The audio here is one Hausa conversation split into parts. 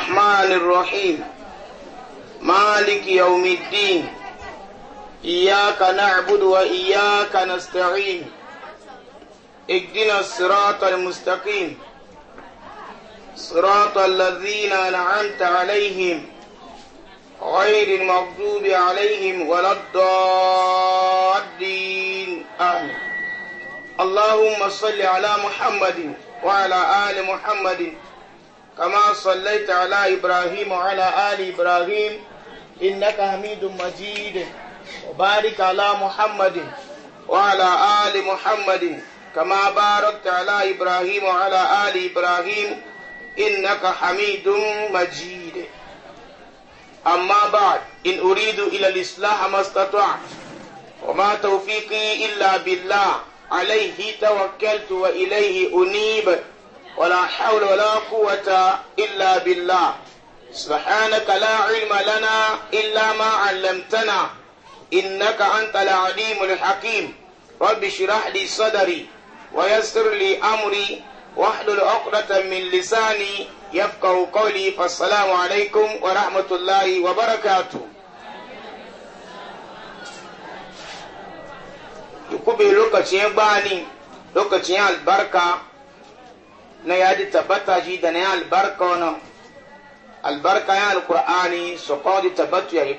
الرحمن الرحيم مالك يوم الدين إياك نعبد وإياك نستعين اجدنا الصراط المستقيم صراط الذين أنعمت عليهم غير المغضوب عليهم ولا الضالين آمين اللهم صل على محمد وعلى آل محمد كما صليت على إبراهيم وعلى آل إبراهيم إنك حميد مجيد وبارك على محمد وعلى آل محمد كما باركت على إبراهيم وعلى آل إبراهيم إنك حميد مجيد أما بعد إن أريد إلى الإصلاح ما استطعت وما توفيقي إلا بالله عليه توكلت وإليه أنيب ولا حول ولا قوة إلا بالله سبحانك لا علم لنا إلا ما علمتنا إنك أنت العليم الحكيم رب اشرح لي صدري ويسر لي أمري واحلل عقدة من لساني يفقه قولي فالسلام عليكم ورحمة الله وبركاته يكوبي لوكاتين باني لوكاتين البركه na ya ji tabbata shi da na albarka wani albarka ya alkur'ani su kawo di tabbatu ya yi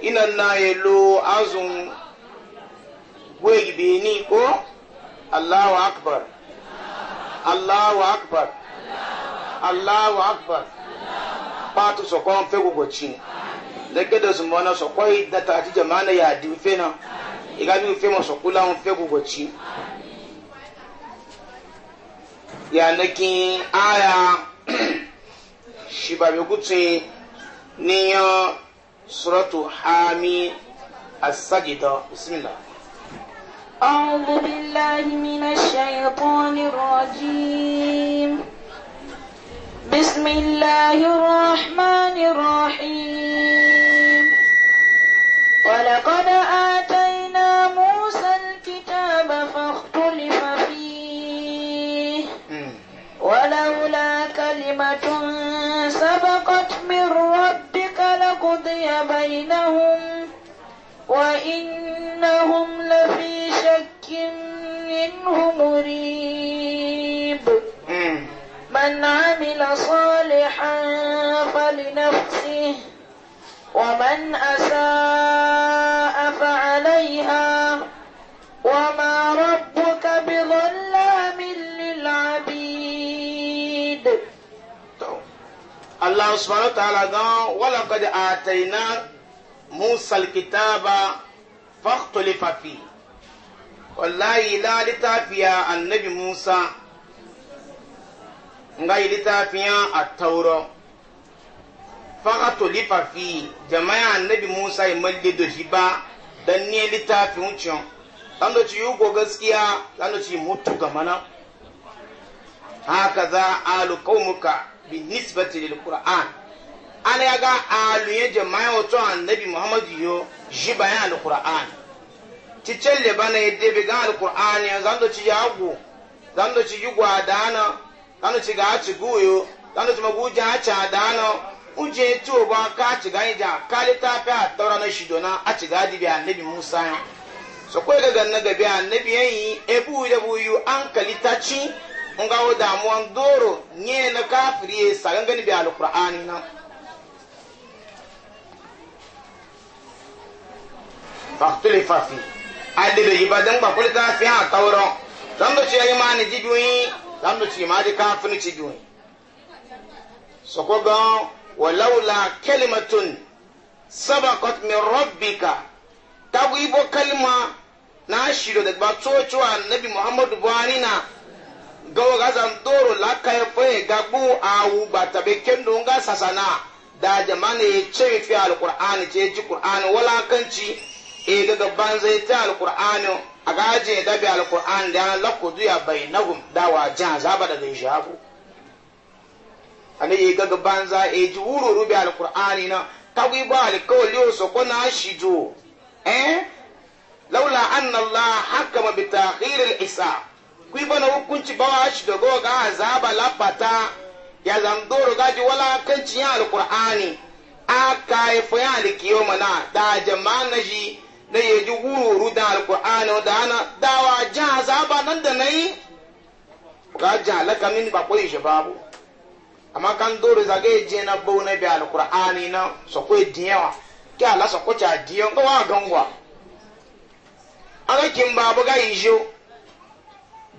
ina na ya lo azun gwegbe ni ko allahu akbar allahu akbar allahu akbar patu su kawo fe gugoci da gada su mana su kawai da ta ci jama'a na ya di fe na igabi fe masu kula fe gugoci ya nakin aya shi ba bi kutse ni ya suratu hami as-sajida bismillah أعوذ بالله من الشيطان الرجيم بسم الله الرحمن الرحيم ولقد آتى قضي بينهم وإنهم لفي شك منه مريب من عمل صالحا فلنفسه ومن أساء فعليها allah subhanahu wa ta'ala gan wala kadi atayna musa alkitaba fakhtulifa fi wallahi la litafiya annabi musa nga yi litafiya at-taura fakhtulifa fi jama'a annabi musa yi malli da shi dan ne litafin wucin dan da ci yugo gaskiya dan da ci mutu ga mana haka za alu qaumuka binisbati lil aluya ana ya ga aluye jama'a wato annabi muhammadu yo shi bayan al qur'an ti celle bana yadda bi ga al qur'an ya zando ci yago zando ci yugwa dana zando ci ga ci ci uje tu ba ka ci ga ja kalita a tawra na shi dona a ci ga di bi annabi musa so ko ga ganna ga bi annabi yayi ebu da buyu an kalita ci nga wo damuwan doro nye na kafiri ye sagan gani bi alkur'ani na faktuli fafi adebe yi badan ba kuli ta fi ha tauron zan da ciye ma ni jibiyoyi zan da ciye ma di kafin cibiyoyi so ko gan walaula kalimatun sabaqat min rabbika tabu ibo kalma na shiro da ba tsocewa annabi muhammadu buhari na gawo gaza zan doro la kai fe ga bu awu bata kendo ga sasana da jamani ce fi alqur'ani ce ji qur'ani wala kanci e daga banzai ta alqur'ani a gaje da bi alqur'ani da la ku duya bainahum da wa jan zaba da zai shafu e ga banza e ji wururu bi alqur'ani na tagwi ba alkawli o so ko na jo. eh laula anna allah hakama bi ta'khir al kwibo na hukunci bawa shi dogo ga azaba lapata ya zandoro gaji wala kanci ya alqur'ani aka ifo ya alkiyoma na da jama'an na shi na wuru da alqur'ani da ana dawa ja azaba nan da nayi ga ba koyi shi amma kan doro zage je na bau bi alqur'ani na so ko diyawa ke ala so ko ta diyo wa babu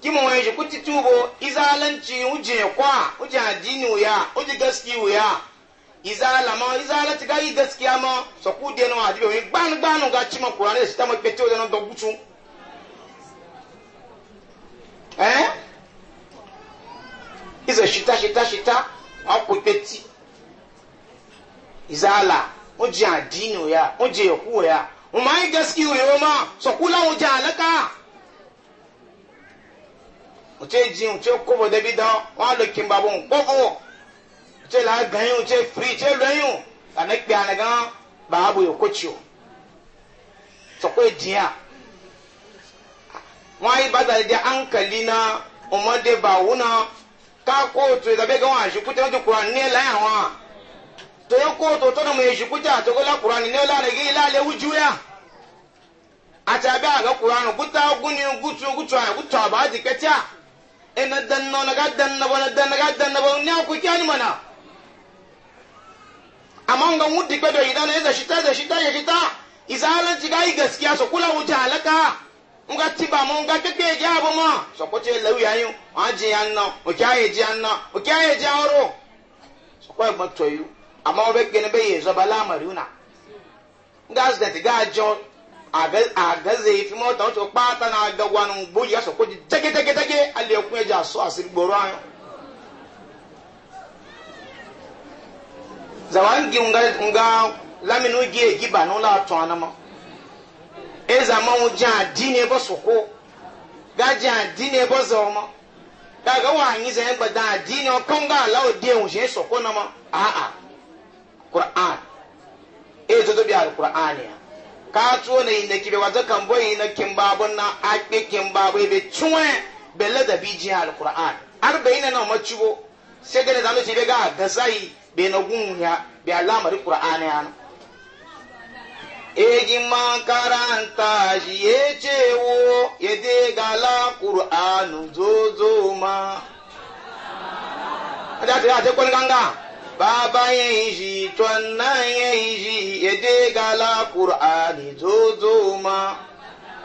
kima wani shi kuti tubo izalanci uje kwa uje addini wuya uje gaski wuya izala ma izala ti gayi gaskiya ma so ku de no adibe wani gbanu gbanu ga chima qur'an e sita mo pe ti o no dogutu eh izo shita shita shita wa ku pe ti izala uje addini wuya uje ku wuya o mai gaski wuya ma so ku la uje alaka jin ji uche kobo dɔn. dan wọn lo kimba bo nkpɔkɔ uche la ganyi uche firi uche lɔnyi kana kpe ana gan baabu yɛ kotsi o sɔkò ediya wọn ayi ba zali di ankali na ɔmɔde bawu na ká kóòtù ìdàbẹ́ gan wọn àṣìkútẹ́ wọn ti kura ní ẹ̀la e yà wọn torí kóòtù tọ́nà mu ko àtọ́kọ́lá kura ní ẹ̀la rẹ̀ yìí lálẹ́ wújú a àti abẹ́ àgọ́ kura nù kúta gúnni gútu gútu àyẹ̀kútu kɛ kẹtíà. ina danna na ga danna bo na danna ga danna bo ne ku kyani mana amma ga mudi gbe do idan ne da shita da shita ya shita izalan ci gai gaskiya so kula wuta halaka nga tiba mo nga keke ja bo ma so ko ce lawi ayu aji anna o ji anna o ji so ko toyu amma o be gene be ye zabala mariuna nga asda ti ga jo aga zai fi mota wato kpata na aga wani buji ya sokoji ji tage tage alle ya kunye jasu a siri gboro nga nga laminu gi egi ba no la to anama e zama mu ja na ebe soko ga ja dine bo zoma ga ga wa anyị zan gba da dine o kan ga la o de soko na ma a a qur'an e to to bi al ya Ka kaatuo na yi ina kibe wazo kan ina yi na akpe kimbabo ibe chwe bela da biji alquran arba ina na machugo sege ne zalo tibe ga sai be na gunya be alama ri qur'ani an eji man karanta shi ye cewo ya de gala qur'anu zozo ma ta ganga baba ya shi tuwannan ya shi ya je gala ƙur'ani zo zo ma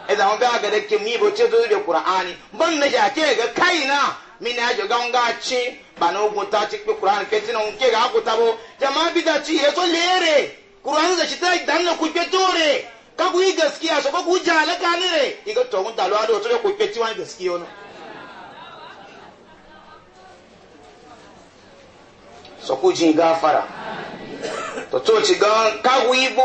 idan ga ga da kimi bo ce zo da ƙur'ani ban na ja a ga kai na min ya ga ga ci ba na ugun ta ci ƙur'ani ke tinan ke ga ku ta bo jama'a ci ya zo lere ƙur'ani da ci ta dan na ku tore ka ku yi gaskiya so ku jala ka ne re iga to mun da lo ado to ku sọkú jin gáfara tó tó ci gan kagu ibo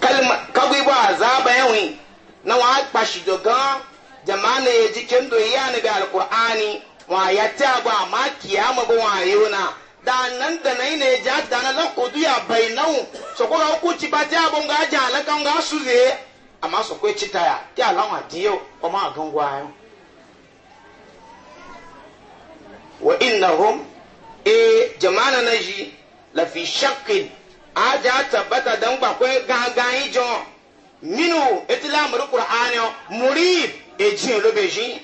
kalma kagu azaba yawi na wa kpashi do gan jama'a na yaji kendo ya ni ga alqur'ani wa ya ta ba ma kiyama ba wa na dan nan da nai ne ja da na lan ya bainau sọkú ga ku ci ba ja bon ga ja la kan ga su ze amma sọkú ci ta ti ala wa diyo ko ma gan wa innahum e eh, jamana na ji lafi shakkin aja tabbata dan ba ko gangan ijo minu etila mur qur'ani murid e ji lo be ji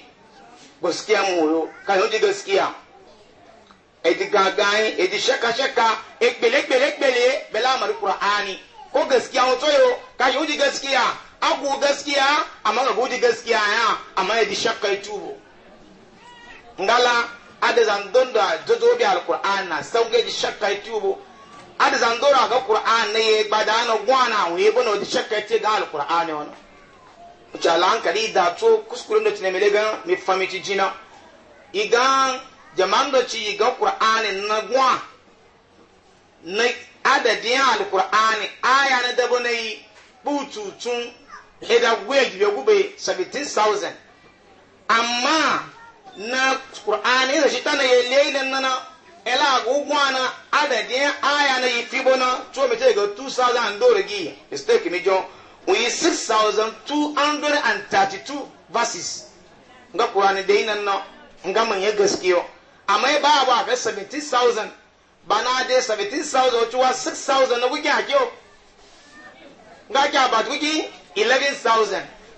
gaskiya mu yo ka yo gaskiya e di gangan e di shaka shaka e gbele gbele pele bela mur qur'ani ko gaskiya wato yo ka yo gaskiya agu gaskiya amma ga gudi gaskiya ya amma e di shakka itubo ngala ada zandon da dodobi alkur'an na sauke ji shakka ya tubo ada zandon ga kur'an na ya ba da na gwana wuye bana wata shakka ya ce ga alkur'an ne wani wuce ala hankali da to kuskuren da tunemele gan mai famici jina igan jama'an da ci ga kur'an na gwa na adadin alkur'an aya na dabo na yi bututun edagwe gube 17,000 amma na qur'ani da shi tana ye leilan nana ela gugwana adadi aya na yifibo na to me ga 2000 dore gi mistake mi jo uyi 6232 verses nga qur'ani de inan na nga man ye gaskiyo amma ba ba ga 70000 bana de 17000 to 6000 na wuki hakiyo nga ka ba tuki 11000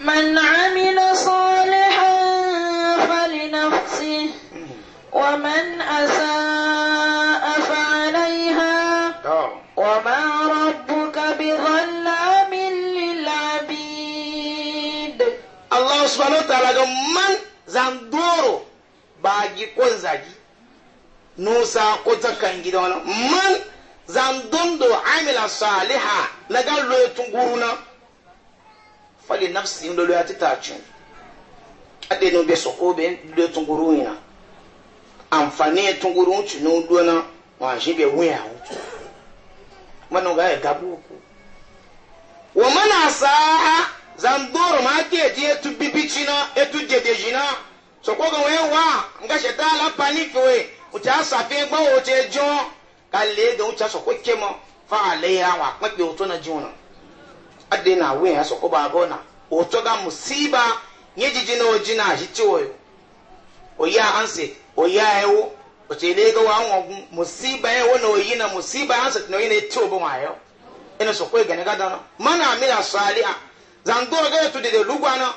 من عمل صالحا فلنفسه ومن أساء فعليها وما ربك بظلام للعبيد الله سبحانه وتعالى من زندورو باجي كون زاجي نوسا قوتا كان جدونا من زندوندو عمل صالحا نقال له تنقرونا fali nafsi ndolo ya titacu ade no be soko be do tunguru ina amfani tunguru chu no do na wa shi be wuya manu ga gabu ku wa mana sa zan zandoro ma ke je tu bibicina etu jedejina soko ga we wa nga ta u shetala panifiwe uta safi gbawo te jo kale de uta soko kemo fa ale ya wa pe pe o to na jiuna ade na awe ya soko babo na oto ga musiba nye jiji na oji na ahiti oyo oyi ahansi oyi ahewo oche ile ego wa nwa musiba ewo na oyi na musiba ahansi na oyi na eti obo nwa yo ina soko igane ga dano mana ami na a zangoro ga etu dede lugwa na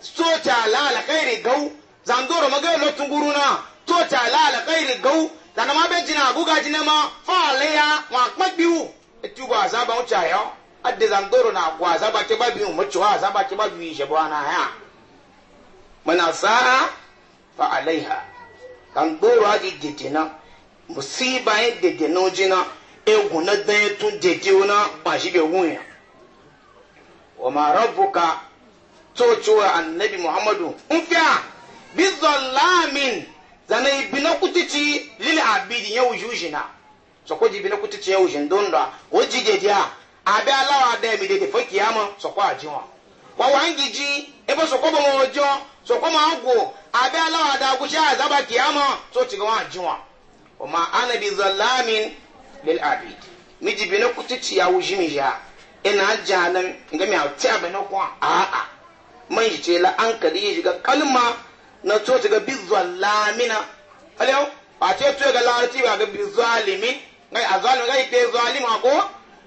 so ta ala ala kairi gau zangoro maga lo tunguru na to ta ala ala kairi gau zanama be jina aguga jina ma fa ale ya wa kpagbiwu etu ba azaba ucha yo adde zandoro na kwa zaba ke babi mu cewa zaba ke babi je bana ya mana sa fa alaiha zandoro aji na musiba e dedena jina egun na dan tun deje ona ba shi be wunya wa ma rabbuka to cewa annabi muhammadu nfiya fiya bi zallamin zanai bi na kutici lil abidi yau yujina so ko ji bi na kutici yau jindon da waji abẹ́ aláwọ̀ adẹ́ mi dèdè fún wa? Wa àjíwọ̀n ji, wá ń gidi ebó sọ̀kọ́ bọ̀ wọ́n jọ sọ̀kọ́ máa ń gò abẹ́ aláwọ̀ adẹ́ agúnṣẹ́ àzábà kìámọ́ tó ti wọ́n ma ọmọ anabi zalami lil abid miji bi ne kuti ci ya wuji mi ya ina janan nga mi auti abin na kwa a'a man yi ce la an kadi yi shiga kalma na to shiga bi zalamina alayau ba ce to ga larati ba ga bi zalimin ngai azalim ngai pe zalim ko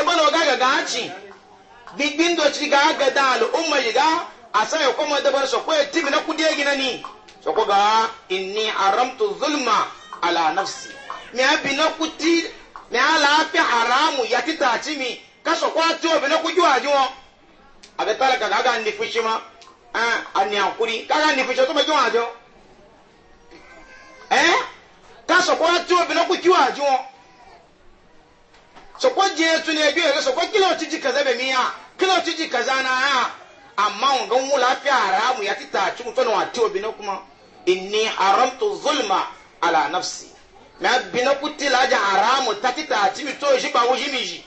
ebe na ọga gaga achị gbigbi ndochi ga aga daalụ ụmụ yi ga asa ya kwamo dabar sokwa ya na kudie gị na ni sokwa ga ini aramtu zulma ala nafsi mi abi na kuti mi ala afi haramu ya tita achi mi ka sokwa ati obi na kuju aji wọn abi tara ka ga ni fushi ma a ni akuri ka ga ni fushi ọtọ mẹjọ ajo ka sokwa ati obi na kuju aji so ko je tun ya biyo so ko kilo tiji kaza be miya kilo tiji kaza na ya amma on gan wula fi haramu ya tita ci mutun wa tiwo bina kuma inni haramtu zulma ala nafsi ma bina kutila ja haramu ta tita ci mi to shi ba wuji mi ji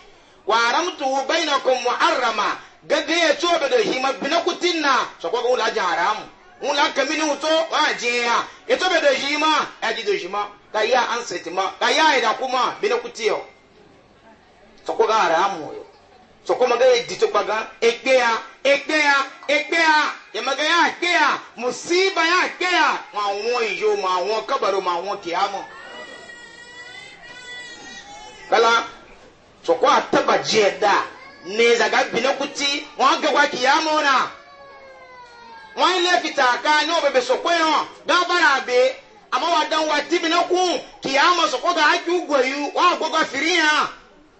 wa haramtu bainakum muharrama gaga ya to da hima bina kutinna so ko gan wula ja haramu wula kamini wuto wa je ya ya to da hima ya ji da hima ka ya an setima ka ya ida kuma bina kutiyo sọkọ ga ara amụ yo sọkọ maga edi tụkpa ga ekpe ya ekpe ya ekpe ya yamaga ya ekpe ya musiba ya ekpe ya ma nwụọ iyo ma nwụọ kabaro ma nwụọ kiyamọ kala sọkọ ataba jie da neza ga bina kuti wọn gagwa kiyamọ na wọn ilé fita aka ní ọbẹbẹ sọkọ yẹn gábàrà abe amawadan wa tibinakun kiyamọ sọkọ ga aju gbẹyu wọn agbọgọ firi yẹn.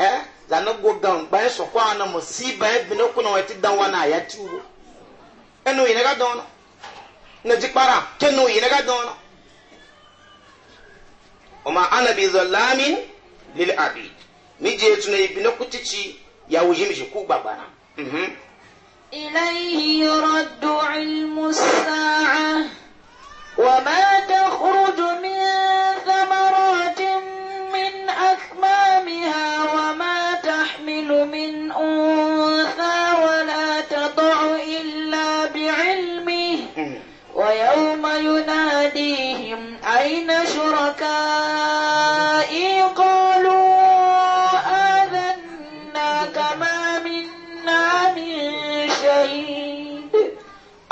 eh zana go gan ban so ko si musiba e bi no ko no ti dan wana ya ti wo enu yi ga don na ji para kenu yi ga don o ma ana bi zallamin lil abid mi je tu na ibi no kutici ya wuji mi ku gbagba na mhm ilayhi yuraddu ilmu sa'a wa ma takhruju min ثمرات من أكمامها من أنثى ولا تضع إلا بعلمه ويوم يناديهم أين شركائي قالوا آذناك ما منا من شهيد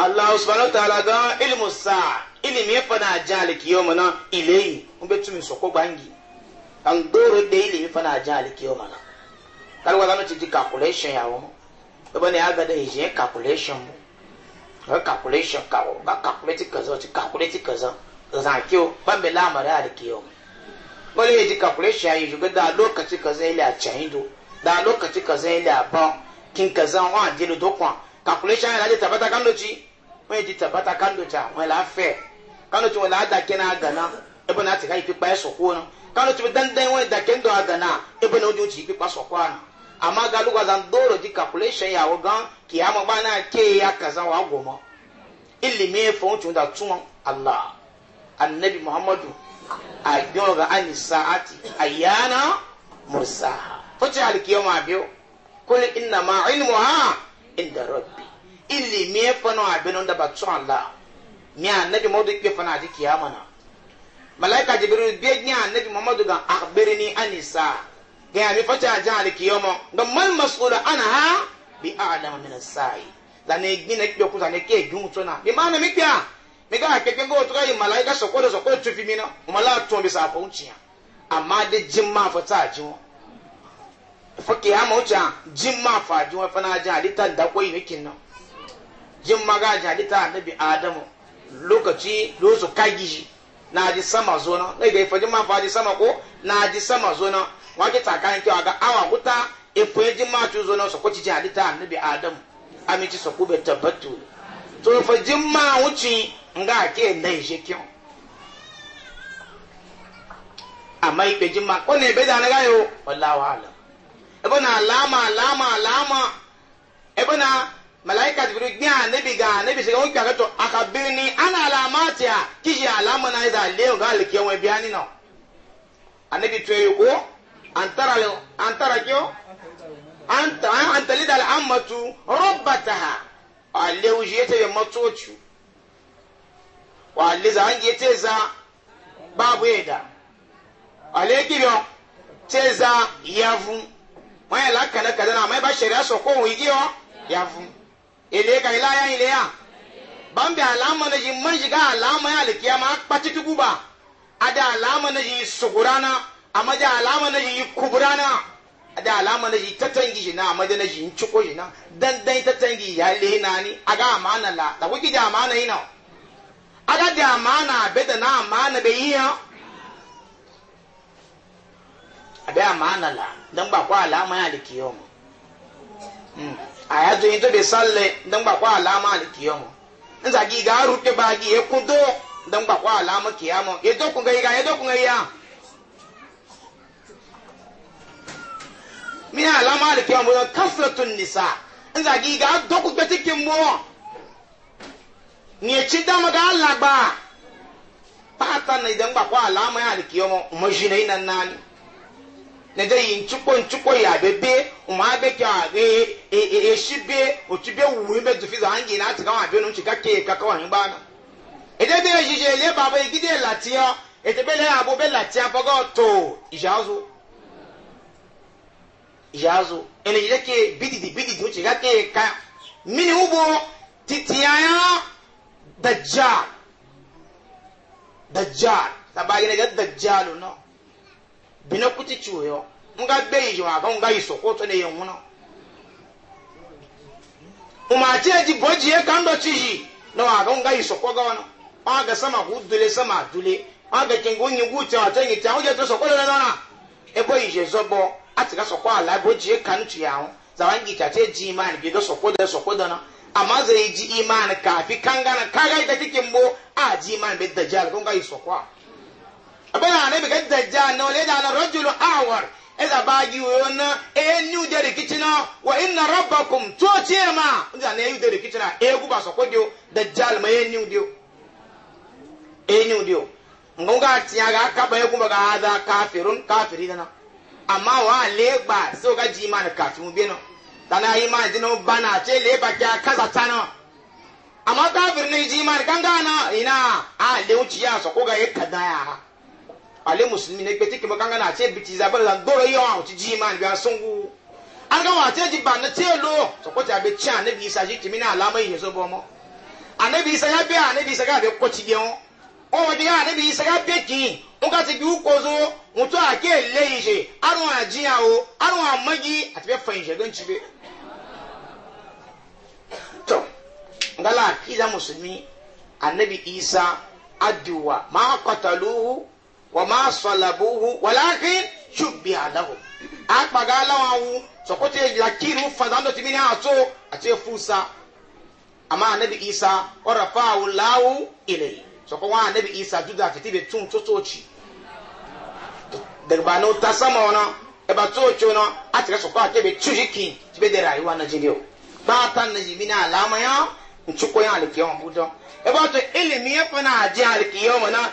الله سبحانه وتعالى قال علم الساعة ilimi ya fana jalik yau mana ilayi mun bai tumi soko bangi an doro da ilimi fana jalik yau mana kálíwá lánàá ti di calculation yà wọ́n ẹgbẹ́ ni àgàdà èyí ẹ̀ calculation ẹ̀ calculation kàwọ́ ọ̀gá calculate kẹsàn ọ̀tí calculate kẹsàn kẹsàn àti o pàmbẹ̀ láàmàrà àdìkì yọ̀ wọ́n lè di calculation yà yìí ṣùgbọ́n dáa lókàtí kẹsàn ilẹ̀ àtsẹ̀yìn do dáa lókàtí kẹsàn ilẹ̀ àbọ̀n kí n kẹsàn wọn àdínú tó kàn calculation yà láti tàbátà kánlọ́tì wọ́n yẹ di tàbátà kánlọ́tì àwọn ẹ̀ láfẹ́ kánlọ́tì wọn làádàkẹ́ na gànà ẹ̀bọ̀n náà ti ká ìpípa ẹ̀ sọ̀kú náà kánlọ́tì wọn dandan wọn dàkẹ́ ńdọ̀ àgànà ẹ̀bọ̀n náà ó di ó ti ìpípa sọ̀kú àná. amma ga lugwa zan doro ji calculation ya wogan kiyama ba na ke ya kaza wa goma ilimi fa wucin da tun Allah annabi Muhammadu a gyon ga ani sa'ati ayyana mursaha fuce alkiyama biyo kul inna ma ilmuha inda rabbi ilimi fa no abin da ba tun Allah ni annabi Muhammadu ke fa na ji kiyama na malaika jibril biye ni annabi Muhammadu ga akhbirni anisa ga mi fata jan alkiyoma ga mal mas'ula ha bi a'lam min as-sa'i da ne gina kyo ku da ne ke gun tuna bi ma mi kya mi ga ke ke go to ga malaika so ko so ko tu fi mi o mala to bi sa fa unciya amma de jimma fata ji wo fa kiyama uciya jimma fa ji wo fa na jan ta da koyi ne kin na jimma ga jan alita annabi adamu lokaci lo su kagi shi na aji sama zo na na ga ifoji ma fa aji sama ko na adi sama zo na wa ki ta kan ki aga awa kuta ifoji ma tu zo na so ko ta annabi adam ami ci so ku be tabattu to fa jimma wuci nga ke na je kyo amma ipe ma ko ne be da na ga yo wallahu alam ebe na alama alama alama ebe na malaika jibril gbé anabi gan anabi sèké wọn kpɛrɛ tó akabiri ni ana alamatia kisi alamana yi da léwu ka alikiya wọn bi ani nɔ anabi tó yi ko antara lɛ antara kyo anta antali da amatu rɔbata ha alewu zi ete yɛ mɔtɔtsu wa aleza anji ete za baabu yi da ale kibiyɔ te za yavu wọn yɛ la kɛnɛ kɛnɛ na ama yi ba sariya sɔ ko wɔn yi kiyɔ yavu. ele ka ila ya ile ya bambe alama na yi man ga alama ya alkiya ma kpati tugu ba ada alama na yi sugurana amma da alama na yi kuburana ada alama na yi tatangi shi na amma da na yi ciko shi na dan dan tatangi ya le na ni aga amana la da kuke da amana ina aga da amana be da na amana be yiya ada amana la dan ba kwa alama ya alkiya mu hmm. aya to yin to be salle dan gba kwa alama alkiyamo nza gi ga rute ba gi e kudo dan gba kwa alama kiyamo e to kun ga ga e to kun ga ya mi alama alkiyamo kasratun nisa nza gi ga do ku pe tikin mo ni e chi dama ga alagba pata na idan gba kwa alama alkiyamo mo jine ina nani nega yi ntukpo ntukpo yi abebe wọn abeke a e e esi e, be otu be wuwe be dufi za hangi na ati ka wọn abe no nchika kee kaka wọn gba na ede be yeye ele baba egide latia ete be le abo be latia boga to ijazo ijazo ene yide ke bididi bididi o chika kee ka mini ubo titiaya dajjal ne tabagina ga dajjalu no Bino kuti ciwo nga be yi wa ga nga yi sokoto ne yen wuna uma ce ji boji e kan do ci yi na wa ga nga yi soko ga wana wa ga sama ku dule sama dule wa ga kingo nyi gu ta wa tangi ta o to soko na na e bo yi je zobo ati ga soko ala boji e kan ci ya za wan gi ta te ji man bi do soko da soko da na amma zai ji iman kafi kangana kaga ita kikin bo a ji iman bi dajjal kun ga yi soko a anabi ga dajjal na wale da na rajulu awar eza bagi wona enyu de rikicina wa inna rabbakum tutima nda na enyu de rikicina egu ba so kodio dajjal ma enyu dio enyu dio ngonga tiya e ga kaba egu ba ga hada kafirun kafiri dana amma wa legba so ga ji iman kafin bi no dana iman dino bana ce leba kya kaza tana amma kafir ne ji na ina a leuci ya so ko ga e ale musulmi ne gbete kemɛ kanga na a tɛ biti zabɛ la gbɔrɔ yi wa o ti ji ma ni bi a sɔngu an ka wa a tɛ ji ba ne tɛ lo sɔkɔ tɛ a bɛ tiɲɛ ne bi isa si tɛmɛ n'a lamɛ yi so bɔ mɔ a ne bi isa ya bɛ a ne bi isa ka bɛ kɔti gɛn o ɔn o de ya ne bi isa ka bɛ kin n ka ti bi u kozo n to a kɛ lɛ yi se arun a jiya o arun a magi a ti bɛ fa yi se don ti bɛ tɔ n ka la a kii la musulmi a ne bi isa adiwa maa kɔtaluhu. wama salabuhu walakin shubbiha lahu akpaga lawan wu sokote lakiru fadando timini aso ace fusa amma anabi isa orafahu lawu ilai soko wa anabi isa juda fiti be tun to toci daga ba no ta sama wana e ba toci wana a tire soko ake be tujiki ti be de rayuwa na o ba ta na yimi ilimi ya fana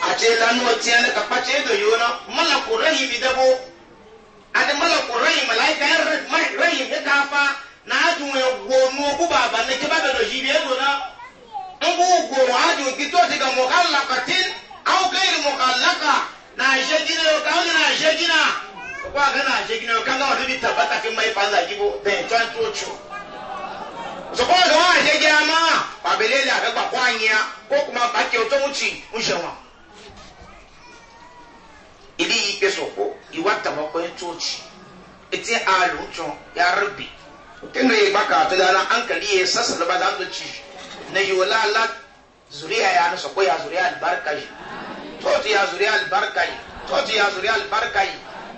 a ate lanuwa tiyana ka pace do yona mala ko bi bidabo ade mala ko rahi malaika ya er, rahi he kafa na atu we go no ku baba ne ke baba do jibe do na ngu go aju kito te ka mukallaqatin aw ghayr mukallaqa na shajina yo wani na shajina kwa kana shajina yo kanga wa bi tabata kin mai panza jibo den tan tocho so kwa ga wa shajina ma babelele aga kwa kwanya ko kuma bakke otomuchi unshawa ili yi ke soko iwa tamakon coci ita alucin ya rufe tun da ya baka ta dana an kari ya sassa da ba za ta ci na yi wala ala zuriya ya na so ko ya zuriya albarka yi toti ya zuriya albarka yi toti ya zuriya albarka yi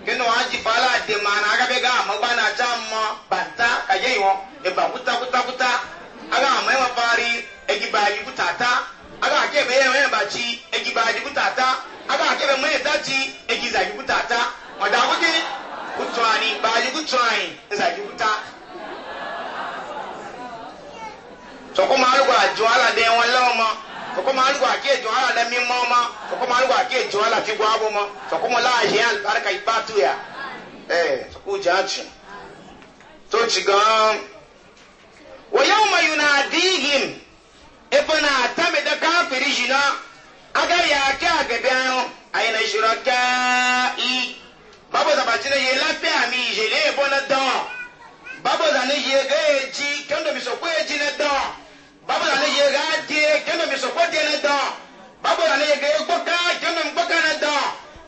kino aji fala de mana aga be ga magba na ta mo banta ka ye yo e ba kuta kuta kuta aga ma ma pari egiba yi kuta ta aga ke be ye ba ci egiba yi kuta ta aga akere mai daji egi zagi kuta ta wada kuke kutuani ba ji kutuani zagi kuta soko ma alugo ajo de won lo soko ma alugo ake ejo de mi mo mo soko ma alugo ake ejo ala fi gwa bo mo soko mo la ye al baraka ibatu ya eh soko jaji to ci gan wa yawma yunadihim ibna tamida kafiri jina aga ya ke agabi ayo ayi na ishura ka i babo ye lape ami ijele ebo na don babo za ye ga eji kendo mi so ko eji na don babo za ye ga de kendo mi so ko na don babo za ye ga ko kendo mi ko na don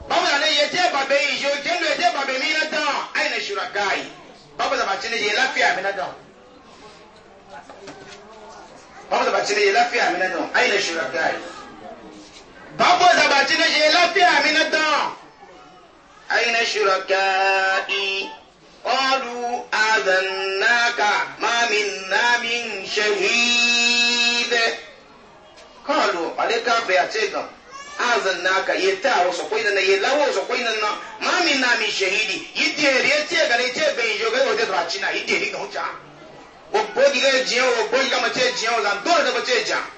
babo za ye te babe ijo kendo ye te babe mi na don ayi na ishura ka i babo ye lape ami na don babo za ye lape ami na don ayi na ishura ka babu zabaci na shi lafiya mi na dan aina shuraka'i qalu azannaka ma minna min shahid qalu alika bayatika azannaka yata wasu koina na yelawo wasu koina na ma na min shahidi yi yidere yace gare yace bai yi jogai wata bacina yidere ga huta wabbo diga jiyan wabbo diga mace jiyan wazan dole da mace jiyan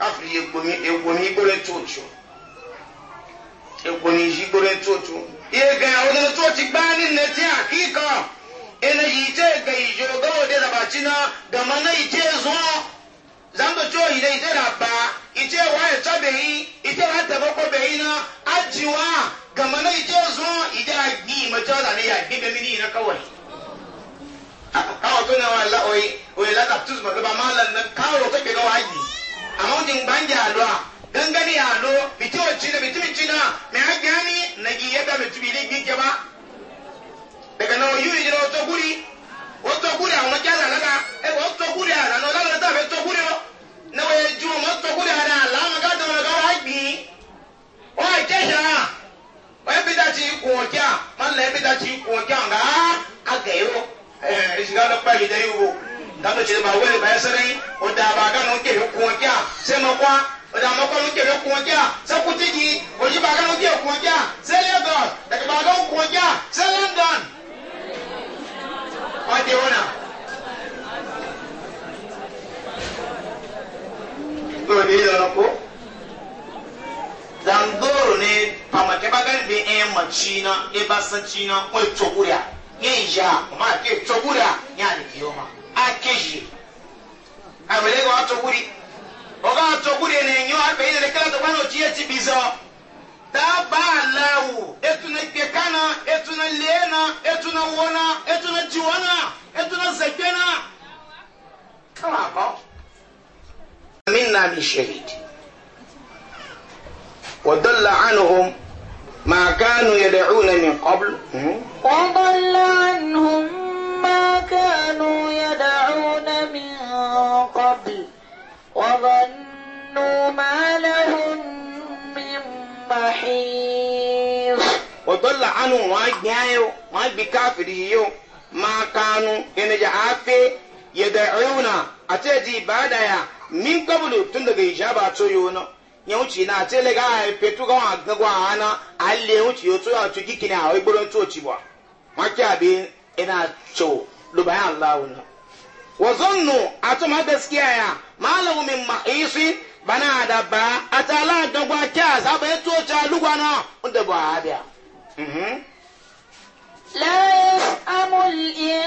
káfíìrì egbomi egbomi igbóre tóòtù egbomi igbóre tóòtù iye gẹ̀yà òdòdó tó ti gbá ní nẹtí tso yi ɖe yi tɛ la ba yi tɛ wa etsɔ bɛ yi yi tɛ la tɛbɔ kɔ bɛ yi na adzi wa gama ne yi tɛ zɔn yi tɛ la yi me tɛ la ne ya bɛ mi ni yi na yi to ne wa la ye la ta tu ma bɛ ba ma la ne kawɔ to bɛ ka wa yi. amma wajen bangi alwa gangani alo miti wacce da miti miti na mai hajiya ne na giye da miti bilin gike ba daga nawa yi yi jira wato guri wato guri a wani kyala naga ebe wato guri a ranar lalata ta bai to guri ba na waye eh, jiwo wato guri a da alama ka ta wani gawa haƙi o a ke shara o ya bita ci kuwa kya man la ya bita ci kuwa kya nga a gayo eh shiga da ba gidan yi wo dano tsi ma wele bɛyɛ sɛrɛ o da ba ka nu kele kɔn kia sɛ ma kɔn o da ma kɔn kele kɔn kia sɛ kuti di o yi ba ka nu kele kɔn kia sɛ lagos daga ba ka nu kɔn kia sɛ london wa de wɔna. Gbɔdɔ bi yɛlɛ ko zandoro ne pamakɛ ba ka bi ɛn ma tsi na e ba san tsi na o ye tɔgura ne yi ya o ma kɛ tɔgura ne y'a de kiyɔ ma. akeji awele ga wato guri oga wato guri ne nyo abe ile kala to bano tie ti bizo da ba lawo etuna kekana etuna lena etuna wona etuna jiwana etuna zekena kala ba minna min shahid وضل ma kanu كانوا يدعون من قبل وضل عنهم gyayo ma bi kafiri yo ma kanu ina ja afe ya da rauna a ce ji ibada ya min kabulu tun daga ijaba to yo no ya wuce na ce le ga e petu ga wa ga wa ana alle wuce yo to ya to gikini a wai buron to ci ba ma ki abi ina to lu bayan Allah no wa zannu atuma gaskiya ya malamu min ma'isi bana da ba atala dogwa kya za ba to ta lugwana unda ba abiya mhm لا يسأم الإنسان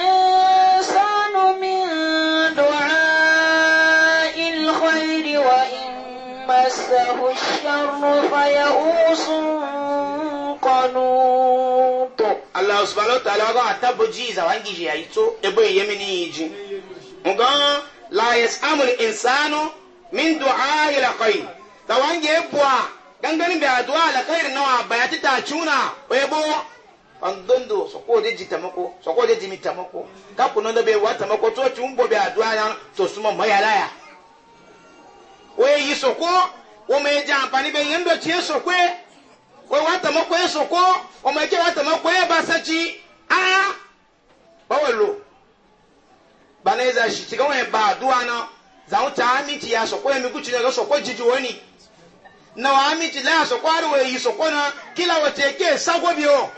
من دعاء الخير وإن مسه الشر فيئوس قنوط الله سبحانه وتعالى أتبو جيزا وانجي جيزا إبو يمني يجي مغان لا يسأم الإنسان من دعاء الخير تwangi ebwa ganganin bai addu'a alkhairi nawa bayati ta cuna ebo Ndụ ndụ de ji tamako soko de tamako kapu na dabe wa tamako to ci umbo be aduwa to suma ya o yi soko o me amfani be yin do ci soko o wa tamako e soko e. o e me ke e ba sa bawalo bana za ba na za ta mi ya mi soko na wa mi ti yi soko na kila ke sago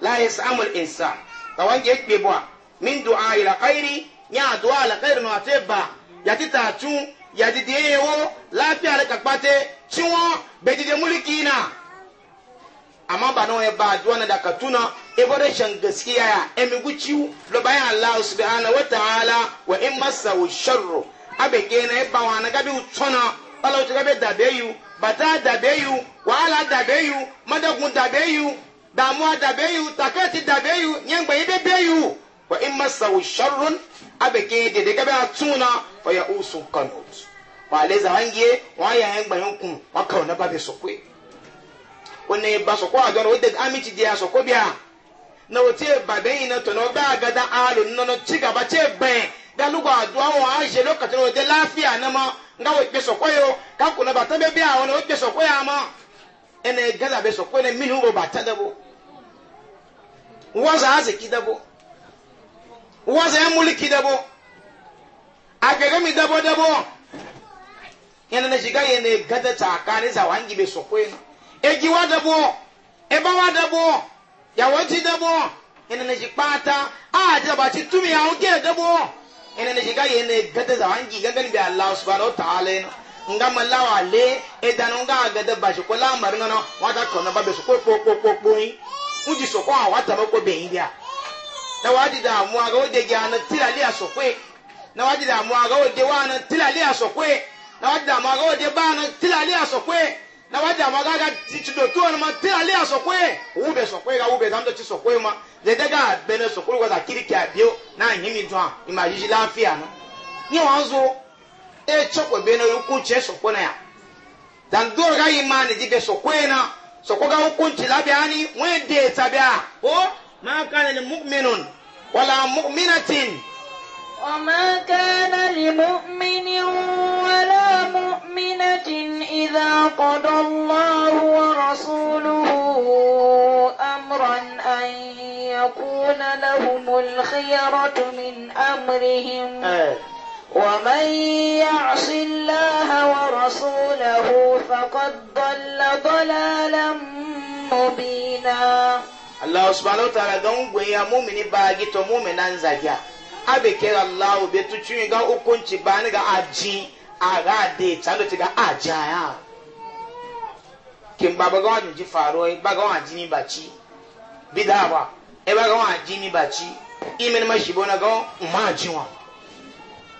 la yasamu al-insan tawange ekpe bwa min du'a ila khairi nya du'a ila khairi no ba ya ta chu ya didi ewo la pi ale kakpate chiwo bedide muliki na amma ba nawa ya ba duwana da katuna ibarashin gaskiya ya emi guci lo bayan Allah subhanahu wa ta'ala wa in masa sharru abege na ya ba wani gabi utona bala wuce dabe yu bata dabe yu wahala dabe yu madagun dabe yu damuwa da beyu takati da beyu nyen gbe de beyu wa in masawu sharrun abeke de de gabe atuna ya usu kanut wa le za hangie wa ya hen kun wa ka ona ba be sokwe one ba sokwa adoro o de amichi ya asokwo bia na o tie ba na to na ba agada alu no no chiga ba che ben adu awon a je o de lafia na mo nga wo yo ka ba be ne minu uwansa arziki dabo uwansa ya mulki dabo a gagami dabo dabo yana na shiga yana gada tsakanin sa wangi bai sokwe na egiwa dabo ebawa dabo yawanci dabo yana na shi kpata a jaba ci tumi ya oge dabo yana na shiga yana gada za wangi gagani bai allah subhanahu wa ta'ala na nga malawa le edanu nga agada bashi ko lamarin na wata kọna ba bai sokwe kpokpokpokpo yi uji soko a wata mako bai dia na waji damuwa ga wadda ga na tilali a sokwe na waji damuwa ga wadda wa na tilali a sokwe na waji damuwa ga wadda ba na tilali a sokwe na waji damuwa ga ga tito tuwa na ma tilali a sokwe ube sokwe ga ube zamto ci sokwe ma zai daga bene sokwe ga za kirki a biyo na yi mi tuwa ima jiji lafiya na ni wa zo e chokwe bene yukunce sokwe na ya dan ma ne imani bɛ sokwe na hukunci tabi'a ko ma kana lil mu'minun wala mu'minatin وما كان لمؤمن ولا مؤمنة إذا قضى الله ورسوله أمرا أن يكون لهم الخيرة من أمرهم ومن يعص الله ورسوله فقد ضل ضلالا مبينا الله سبحانه وتعالى don gweya mumini bagi to muminan zagiya abe kera tu cin ga hukunci ba ni ga aji a ga de tsalo ti ga ajaya kin baba ga wani ji faro ba ga wani ji ba ci bidawa e ba ga wani ji ni imin mashi wa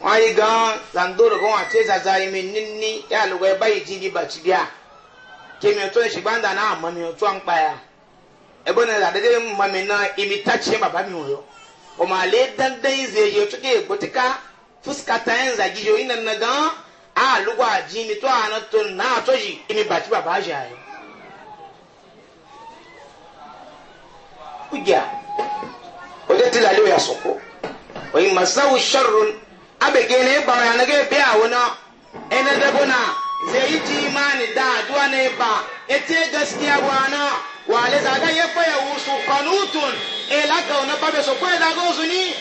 wọn yi gan zandoro gan wọn ati zaza imi nini ya lugu eba yi jigi bati bia kemi otu esi na ama mi otu ankpa ya ebe na zadede mi na imi tachi baba mi oyo ọmọ ale dandan ize yi otu ke egbotika fuskata yin ina na gan a lugu aji mi to ana to na ato yi imi bati baba aji ayo. Ujia, oje tila leo ya soko, abege ne ba ya na ge be a wona ene da bona zai ji imani da aduwa ne ba ete gaskiya wana wale za ga yefa ya wusu qanutun e la ka ona ba be so ko da go su ni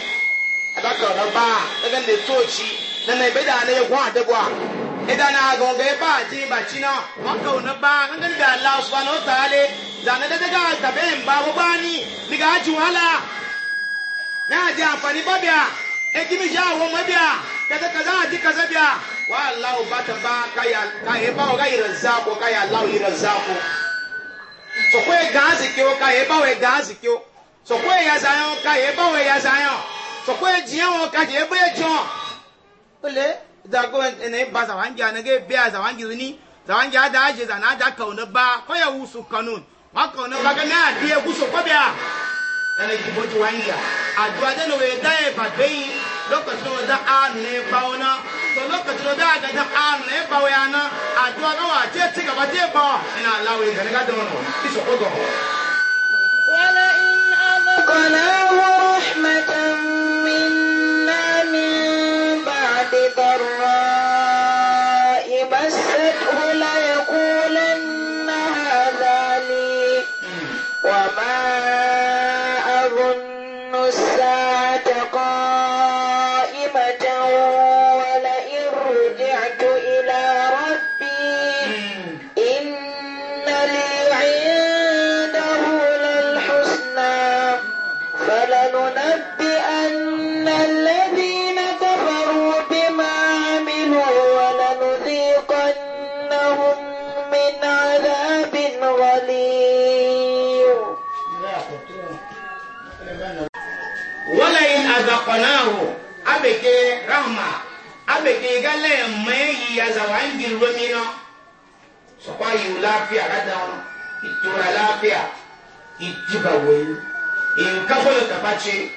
da ka ona ba daga ne tochi na na be da ne kwa da kwa e da na go ge ba ji ba chi na wa ka ona ba ngan da Allah subhanahu wa ta'ala za na da daga ta be ba ba ni diga ji wala na ji amfani ba biya ekimi ja wo ma biya kaza kaza di kaza biya wa Allah ba ta ba ka ya ka he ba ga ira za ko ka ya Allah ira za ko so ko e gazi ke o ka he ba we gazi ke o so ko e ya za ka he ba o ya za yo so ko e o ka je be jon ole da ne ba za wangi na ge be za wangi ni za wangi ada je za na da ka ona ba ko ya usu kanun wa ka ona ba ga na di e guso ko biya ẹni ìdìbò tí wọ́n ń jà àdúrà dẹ́nu wòye dá ẹ̀bà bẹ́yìn lọ́kọ̀tún wọ́n dá àánú ní ipa wọn náà tó lọ́kọ̀tún wọ́n dá àdájọ́ àánú ní ipa wọn yàrá àdúrà náà wà tí ètí kàbá tí èpa ẹ̀nà aláwọ̀ yìí gàdégà dẹ́nu nù kí sọ̀kọ́ gọ̀. wọ́n in أذقناه رحمة منا من بعد ضرّا rahma abeke gale mai ya zawan bin romino so kwa yu lafiya kada wono itura lafiya itiba woyu in kafo yo kapache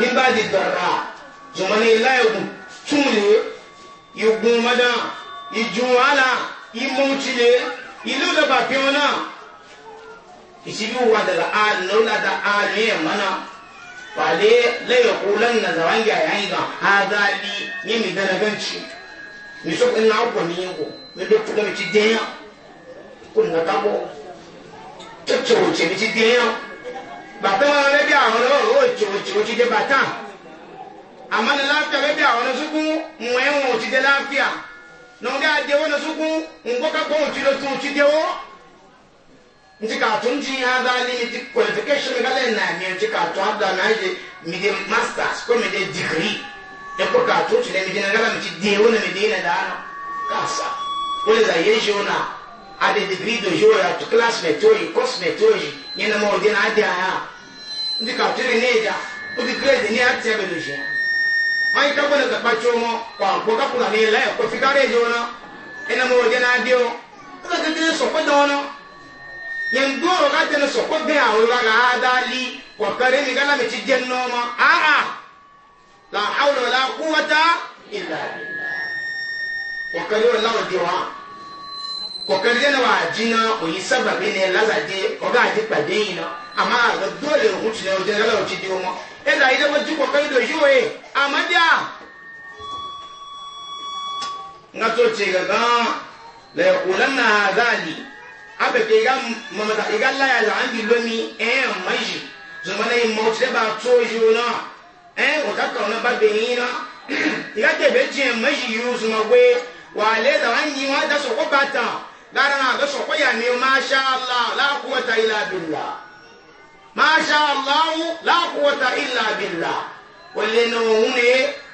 ni ba di dora zumani ila yogun tunle yogun mada ijun ala imuntile ilu da ba pe wona isibi wa da la a lo da a ni e mana fale laye kulan na zaman ya yayi ga hadali ne ni da ganci mi so in na ko ni ko mi do tuga mi ci kun na kabo tacce o ce ci ba ta ma ne ga wani o ce o ce ba ci amma na lafiya be biya wani suku mu o ci lafiya no ga de wani suku ko ka ko wani tu ci nti kaatun ti ya zaali ti qualification gale na mi nti kaatun abda na je mi de masters ko mi de degree e ko kaatun ti mi de na gala mi ti de wona mi de na da no k'o wole za ye jona a de degree do jo ya to class me to yi course me to yi ni na mo de na de aya nti kaatun ni ja o di grade ni a ti be do je mai ka bona ka pacho mo kwa ko ka kula ni la ko fikare jona ina mo de na de o ka ka de so ko dono yan doro ga tana so ko ga awon ga hadali ko kare ni gala mi ci jenno ma a a la hawla wala quwwata illa billah ko kare wala wadiwa ko kare na wa jina o yi sababi ne la za je ko ga je pade yin ama ga dole ko ci ne o je gala o ci diwo mo e da ida ba ju ko kai do yo e amadia to ce ga ga la yaqulanna hadali abe ke iga mamata iga laya la an bi lomi ɛn eh, maji zɔmɔna yi mɔ tile ba to yi o na ɛn eh, o ta kɔn na ba be yi na iga te be tiɲɛ eh, maji yi o zɔmɔ we wa ale da an yi wa da so ko ba tan lara na a bɛ sɔkɔ yan ne masha allah la kuwata illa billah masha allah la kuwata illa billah wale na o hun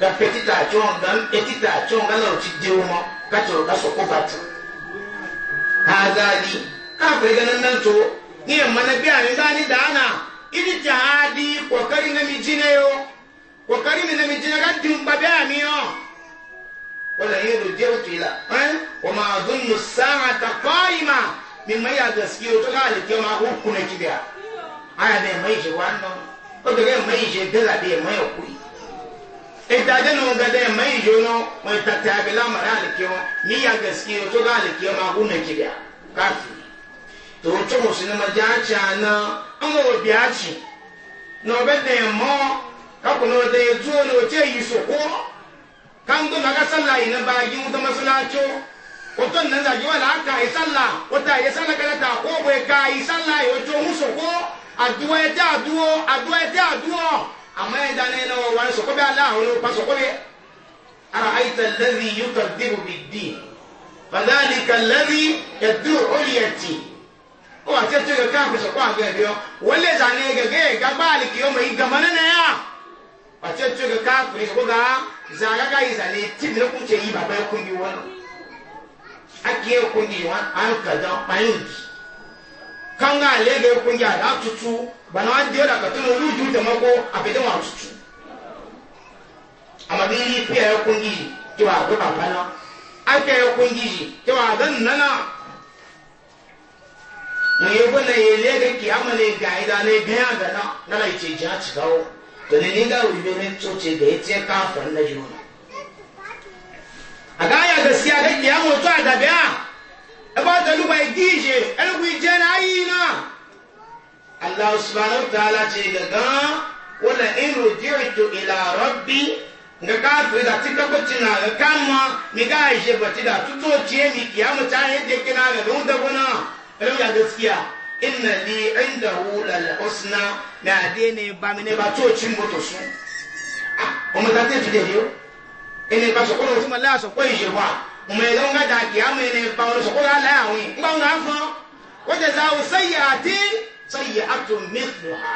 ga petita atsɔ ga petita atsɔ ga lɛ ɔtsi diwo mɔ k'atsɔ ga sɔkò bàtò azali k'afɛ gɛ nana tó ní ɛmɛnɛ bí ami bá ní dànà ìdí tà á di kɔkari nami dzinɛ yó kɔkari mi nami dzinɛ ka di nkpa bí ami yó wala yi do diɛ tó la ɛn o eh? ma dun nu sanga ta kɔɔyi ma mi ma yi a gasigi o tó ka ali kɛ ma k'o kunɛ kibia ayi a bɛ ɛmɛ yi dze wa nɔ o tɛ kɛ ɛmɛ yi la bi ɛmɛ yɛ kuri. ìdájọ́ ní wọn gẹ́gẹ́ mẹ́ ìjọ náà wọn tàtà abẹ́lá mara àlèkè wọn níyà gẹ̀sìkì ní tó dá àlèkè wọn nàìjíríà tó ń ma jẹ́ àti àná ọmọ òbí àti na ọbẹ̀ dẹ̀ mọ́ kakùn náà dẹ̀ tó ní o yìí ọ káńtó náà kásálà yìí náà bá yí wọn tó wọ́tọ́ nínú wọn amma ya dane na wa wani sokobe Allah wani fa sokobe ara'aita alladhi yukadibu bid-din fadhalika alladhi yad'u uliyati o atete ga kan bi sokwa ga biyo wale zane ga ga ga bali ki yo mai ga na ya a atete ga kan bi sokwa zaga ga izale tibne ku ce yi ba baba kun yi wani akiye ku yi wani an ka da payin kanga lege ku a da tutu bana wa di ọ̀dà kàtó a ju dẹ̀mọ́kọ́ àbẹ̀dẹ̀ wọn tutù àmàbí pé ẹ̀ kún yìí tí wàá gbé bàbá náà aka ẹ̀ kún yìí tí wàá gbé nana mo yẹ bọ́ na yẹ lẹ́gẹ̀ kí ama lè gà ẹ̀ dà lè gẹ̀ ẹ̀ dà náà nana ìtì jẹ́ àti gà ó tẹ̀lé ní gà òyìnbó ní tó ti gà ẹ̀ tiẹ̀ ká fún ẹ̀ lẹ́yìn wọn. a yà gà sí àgà kí ama tó àdàbẹ́ à ẹ bá tẹ̀lé wà ẹ̀ gíìjì ẹ̀ lẹ́kùn ìjẹ́ náà ayé na. Allah subhanahu wa ta'ala ce gaga wala in ruji'tu ila rabbi nga kafiri da tika bacci na ga kama mi ga aishe bacci da tuto ce mi kiyamu ta yadda kina ga don da guna ran ga gaskiya inna li indahu lal husna na ade ne ba mi ne ba to cin moto su o mo ta te fi yo yo ene ba so ko no ti ma la so ko ije wa o me lo nga da kiyamu ene ba o so ko la la awin ngba nga fo wa jazaa'u sayyi'atin sayyi'atun mithluha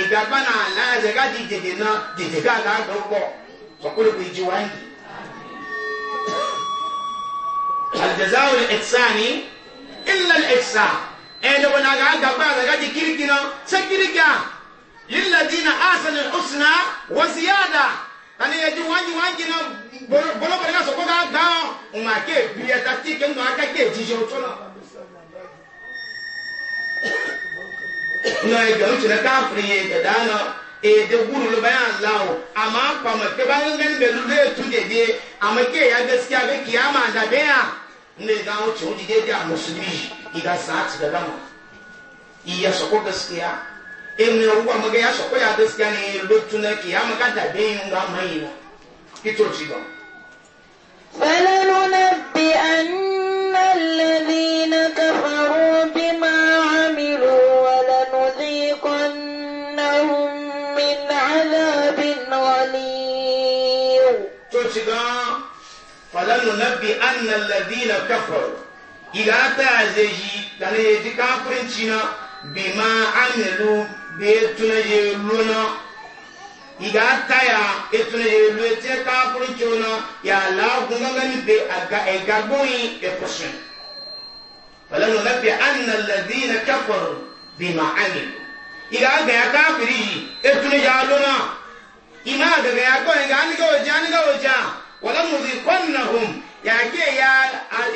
ìgbàgbọ́ náà láàzẹ̀ káàdì dìde náà dìde káàdà àgbọ̀n pọ̀ sọ̀kúrò kò ìjì wáyé. aljazawo ẹ̀sánì ilẹ̀ ẹ̀sá ẹ̀ẹ́dẹ̀wọ̀n náà àgbàgbọ́ àzẹ̀ káàdì kiriki náà sẹ́ kiriki à lílẹ̀dínà àṣẹlẹ̀ ọ̀sìnà wọ́síyáàdà tani yẹ di wáyé wáyé náà bọ́lọ́bọ̀lọ́ náà sọ̀kọ́ ká gbà ọ́ ọ̀mà kéè bí ẹ̀ta tí kéè nù na ga e uche na kafiri ye ga dana e de guru lo bayan lawo amma kwa ma ke ba gan be lu de tu de de amma ke ya gaskiya be kiyama da be ya ne ga uche uji de da musulmi i ga sa ci da dama i ya so ko gaskiya e me ruwa ma ga ya so ko ya gaskiya ne lu tu na kiyama ka da be yin ga mai na kito ci ba فلننبئن الذين كفروا gan fala nunabbi anna alladhina kafaru iga ta zeji dana ye ji kafirinci na bima amilu be tuna ye luna iga ta ya etuna ye lu ete kafirinci na ya la gunganga ni be aga egagboyin ekosun fala nunabbi anna alladhina kafaru bima amilu iga ga ya kafiri etuna ya luna ima gaga ya kawai ga ni ga waje ni ga waje wala muziqannahum ya ke ya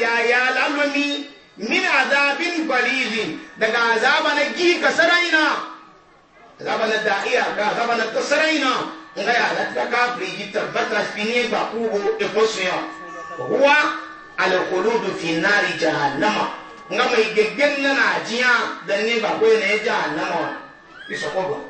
ya ya lalumi min azabin qalilin daga azaba na gi kasaraina azaba na da'iya ga azaba na kasaraina ga ya la ta kafri tabbata fini ba kugo e kosuya huwa al khulud fi nar jahannama nga mai geggen na jiya dan ne ba ko ne jahannama isokobo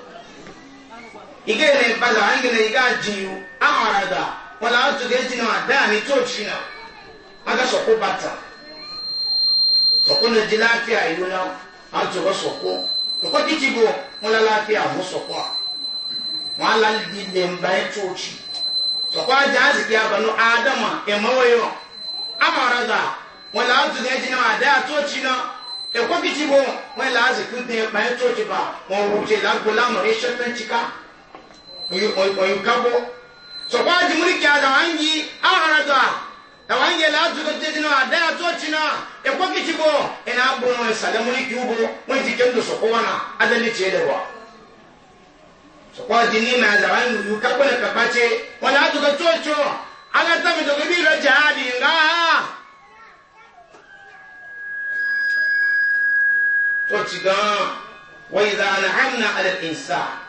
ike ne baza ange na iga jiyu amarada wala atu ge jina da ni na china na bata to na atu ko so ko to ko ti tibo wala lafi a mo so ko ne mbai to chi to aja azi ki abanu adama e mawayo amarada wala atu ge jina da to china e ko na tibo azi ba la nchịka. oyin kabo so kwa ji mulki a dawangi an harata dawangi la tu da tejina a daya tocina e kwa kici bo ina e abu mo e sale mulki ubo mo ji kendo so kowana adali ce da wa so kwa ji ni ma dawangi yu kabo na kabace wala tu da tocho ala ta mi da bi ra jihadi nga to ci ga wa idha na'amna ala al-insan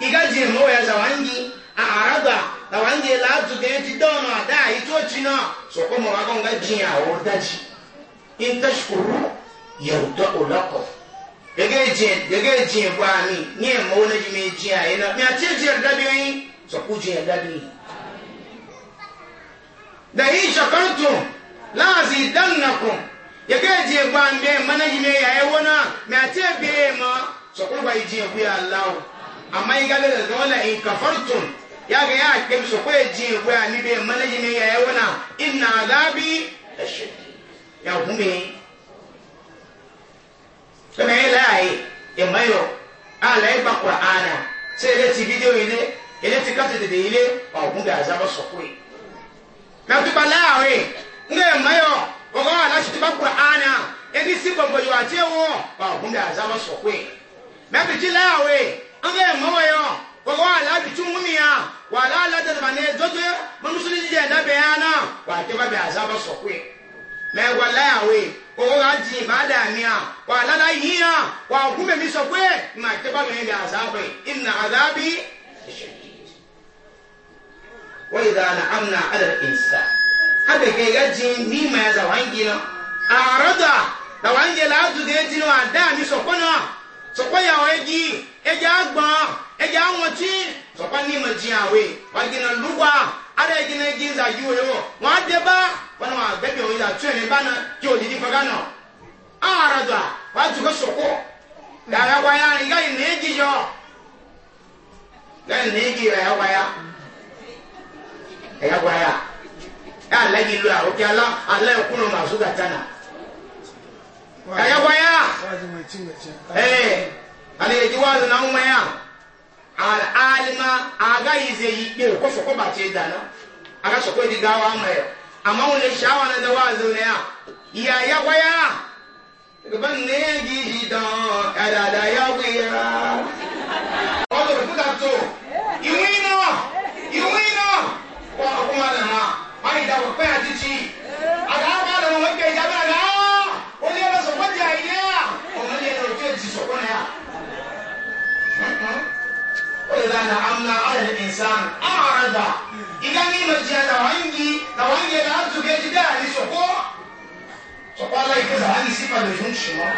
igaji moya za wangi arada da wangi la tu de ti dona da ito china so ko mo wa ko ngaji ya o daji in tashkuru yauda ulako yegeje yegeje bwani nye mo na jimi ji ya ina mi acheje dabi yin so ku ji dabi da in shakartum la zidannakum yegeje bwani mana jimi ya e wona mi acheje ma so ko ba ji ya ku ya allah amma yi gada da zola in kafartun ya ga ya ke su ko ya ji ko ya libe mana yi ne ya yi wana inna azabi da shi ya kume kuma ya layi ya mayo ala yi ba qur'ana sai da ti bidiyo ile ile ti kata da ile ba kun da azaba su ko na ti ba lawe nga mayo ko ala shi ba qur'ana edi si bombo yo atewo ba kun da azaba su ko na ti lawe an ga yamma wa yawon kwakwa wa labicin wumiya wa lalata da bane zoje ma musulun jiya na bayana wa ke ba bai azaba sokwe mai gwala yawe kwakwa ga ji ba da miya wa lala yiya wa hukume mi sokwe ma ke ba bai azaba inna azabi wa idza na'amna ala al-insan hada ke ga ji ni ma zawangi na arada da wangi la zu de ji wa da mi sokona sokoya wa ji eji agba eji anwụchi sọkwa n'ime ji awe wagina lugwa ara eji na eji nza ji oyo nwa deba wana ma bebe onye atu ene bana ji odidi fagano ahara dwa wa tuko soko ya eji yo Ee. ale ji wa na umma ya alima aga ize yi ke ko so ko ba ce dana aga so ko di gawa ma ya amma mun le shawa na da wazo ne ya iya ya waya gaban ne yi don ada da ya wiya odo ku da to iwino iwino ko akuma na ma ayi da ko pa ti ci aga ba da mo ke ja ba وإذا نعمنا على الإنسان أعرض إذا مين مجينا وانجي نوانجي لأرزو كيجي ده علي سوكو سوكو الله يكزا هذه سيبا لجون شما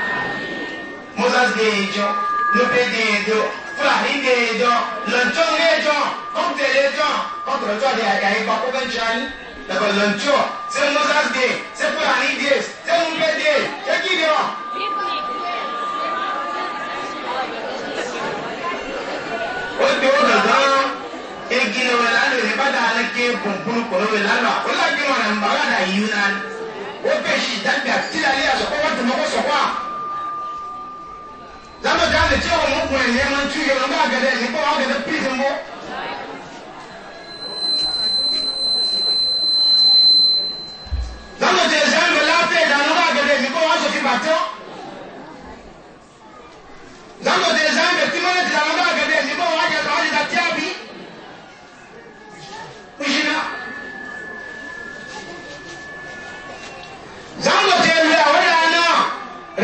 موزاز ديجو نوبي ديجو fúlàní dèjọ lọ́njọ́ lẹ́jọ́ kọ́ńtẹ̀ lẹ́jọ́ kọ́ńtẹ̀lẹ́jọ́ de àyà ipa kó bẹ́ẹ̀ jẹ́ ní lẹ́kọ̀ lọ́njọ́ ṣé moses day ṣé fúlàní day ṣé nùgbẹ́ day dole gan egile wɛ lalo yi ba daa ne ke kunkun kɔnɔ wɛ lalo a ko lagi wɔna n baga da yi na o bɛ si dabi a ti ale a sɔkɔ wa tɛmɛ ko sɔkɔ a lamɛ gaa le tiɛ o mu kun yɛ ŋa tu yɛ ŋa ba gɛlɛ ni ko a gɛlɛ piri n bɔ. lamɛ tiɛ sɛn bɛ laafee da ŋa ba gɛlɛ ni ko a sɔ ti ba zango de zambe timane ti zamanda gade zibo waje waje da tiabi mishina zango de le awara na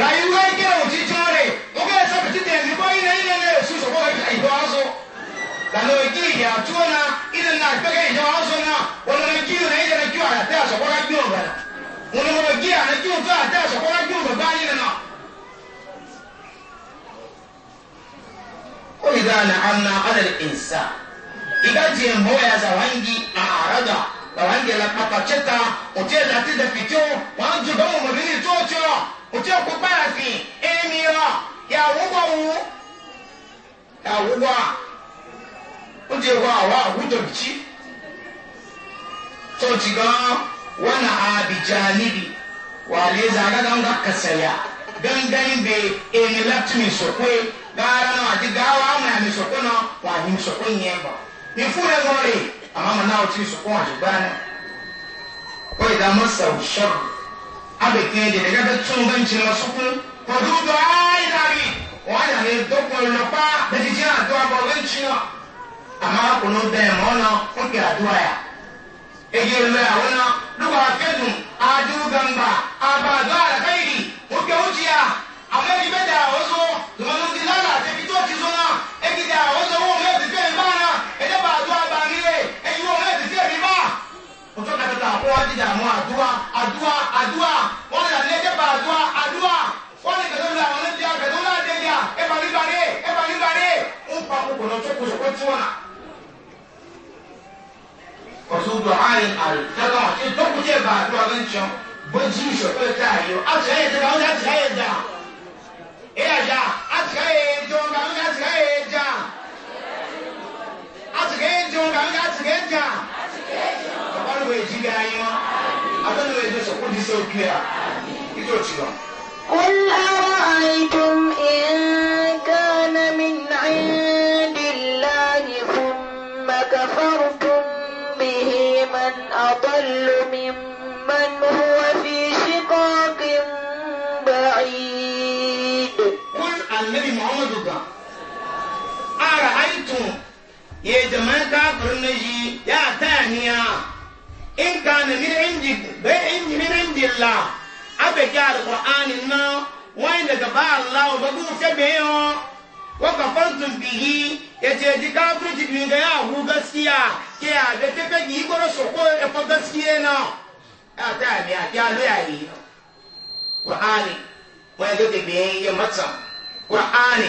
rayuwa ke uti chore oge sabe ti de zibo ina ina le su so ko ga ido azo la lo ki ya tuona ina na pega ido azo na wala na ki na ina na ki ala ta so ko ga bi o ga na wala na ki ana ki o ta ta so ko ga bi o ga ni na wa na na'amna 'ala al-insan iga je mboya za wangi arada la wangi la papacheta utie la tida pitio wangi ba mu mabini tocho utie kupaya fi emira ya wugo wu ya wugo uje wa wa wudo bichi to jiga wana abijanibi wale za ga ga kasaya gangan be emi latmi sokwe daa na wagye daa waa na wa no wagye nisɔko nyɛn bɔ ne funu ɛfɔre ama mo naa ɔtí nisɔko wagye gbaa no oye da mo sa o sɔrɔ abɛkɛn de ɛgɛ bɛ tún bɛ nkyɛn ma soko kɔdu do ayi nari wɔn yà ne dɔkɔ lɔpa bɛ didi na do abɔ bɛ nkyɛn ama kono bɛn mɔ no o kɛ adu ya eyi lɛ awo no lukɔ akɛnu adu gamba aba do ala bɛyi o kɛ o jia ama ebi bɛ da o so lɔn. kó wá dídà mọ́ àdúrà àdúrà àdúrà wọ́n lè lè dé bá àdúrà àdúrà wọ́n lè gbẹ̀dọ́ lọ àwọn ẹ̀dí àgbẹ̀dọ́ náà dé yà ẹ̀bà nígbàdé ẹ̀bà nígbàdé ń pa kókò náà tó kóso pé tí wọ́n nà. kòtò dùn àyìn àlùfẹ́lọ́ ìdókòjì ẹ̀bà àdúrà ló ń tiọ́ bójú ìṣòfẹ́ tá a yọ àtìkáyẹ̀dá àtìkáyẹ̀dá قل أرأيتم إن كان من عند الله ثم كفرتم به من أضل ممن هو في شقاق بعيد قل النبي محمد أرأيتم ye jaman kafirin na shi ya ta niya in ka na min la abe ki alqur'ani na wani daga ba Allah ba ku ta waka yo wa ya ce ji kafirci bi ga ya hu gaskiya ke ya ga ta ga yi goro so na ya yi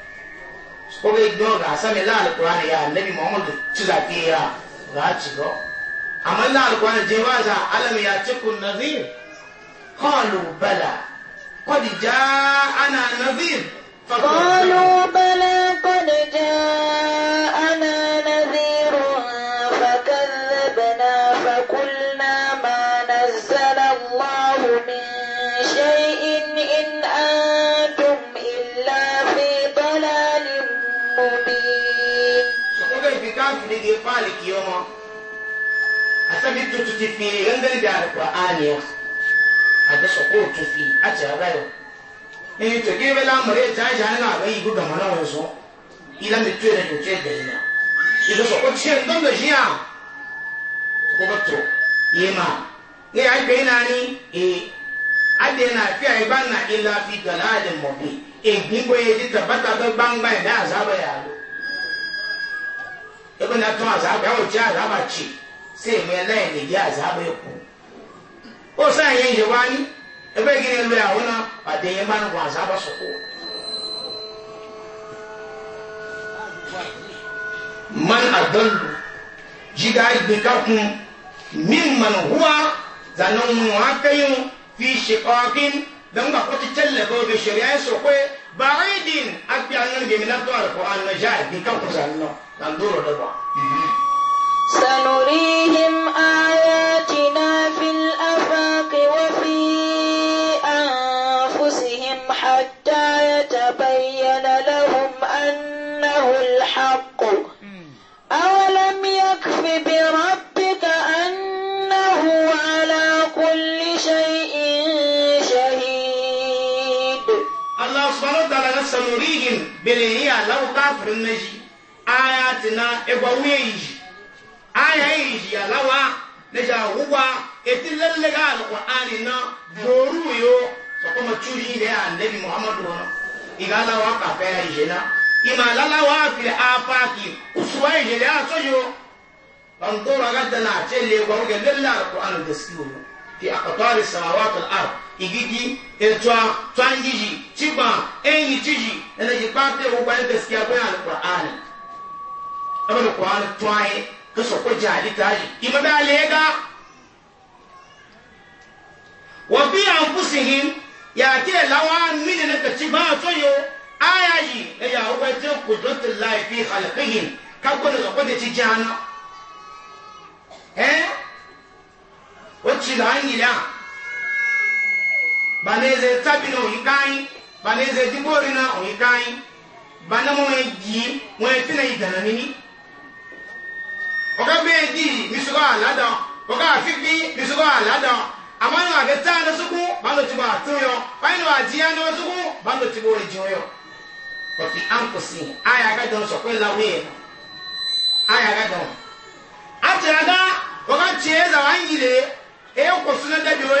oge gbọ́n ga sami láàlú kuran ya nabi muhammadu tuzaki ya ga ci gọ amma láàlú kuran je wa za alam ya ciku nazir qalu bala qad ja'ana nazir qalu bala qad ja'ana nazir alikiyoma asabi tutu ti fi gangali bi soko fi ati ara yo ni to ki bela mare ja ja na ba yi gudu mana wo so ila mi tu re tu je ina soko ti jia ba to na ni e na fi na ila fi ti tabata to gbangba azaba ya lo ebe na tún àzáàbà ẹwọ tí àzáàbà tì sí èmi ẹlẹ́yìn lè yí àzáàbà ẹ̀kú ó sáà yẹn yẹ wá ní ebe kí ni lu àwọn náà pàdé yẹn bá ń wọ àzáàbà sọ̀kọ̀ man àdánlù jìgá gbẹ̀ká min man huwa zanen wọn akẹ́yìn fi ṣe ọ́kín bẹ́ẹ̀ ń gbà kó ti tẹ́lẹ̀ bọ́ bẹ́ ba ai din afi an nan na to al qur'an na jahi bi kan kusa Allah dan doro da ba sanurihim yi ya lawo kafirin na ji aya tina egwa wuye yi ji aya yi alawa ya lawa na ja wugwa eti lalle ga alqur'ani na boru yo so kuma turi ne ya annabi muhammadu wa iga lawa ka fa ya ji na ima lalawa fil afaki uswa yi ji ya so yo ban dora gadda na ce le gwa ga lalle alqur'ani da siwo fi aqtar as-samawati wal ard igigi etwa twangiji chigba enyi chiji ene jipate ugba ente sikia kwe al Qur'an ama ni Qur'an twaye kaso ko wa bi mini ne yi e ka ko da an baleze tabi na oyin kanyi baleze dibori na oyin kanyi bana mo wọn yi wọn ti na idana nini ọkọ bẹẹ di nisugọ aladan ọkọ a nisugọ aladan amanu agẹta anasuku balo ti bọ atun yọ wáyé wà di anasuku balo ti bọ ẹjọ yọ ọkì ankosi ayé agadan sọpẹ lawe yẹ ayé agadan atiraga ọkọ tiẹ zàwọn yi lè ẹ kọsùn náà dẹbi wọn.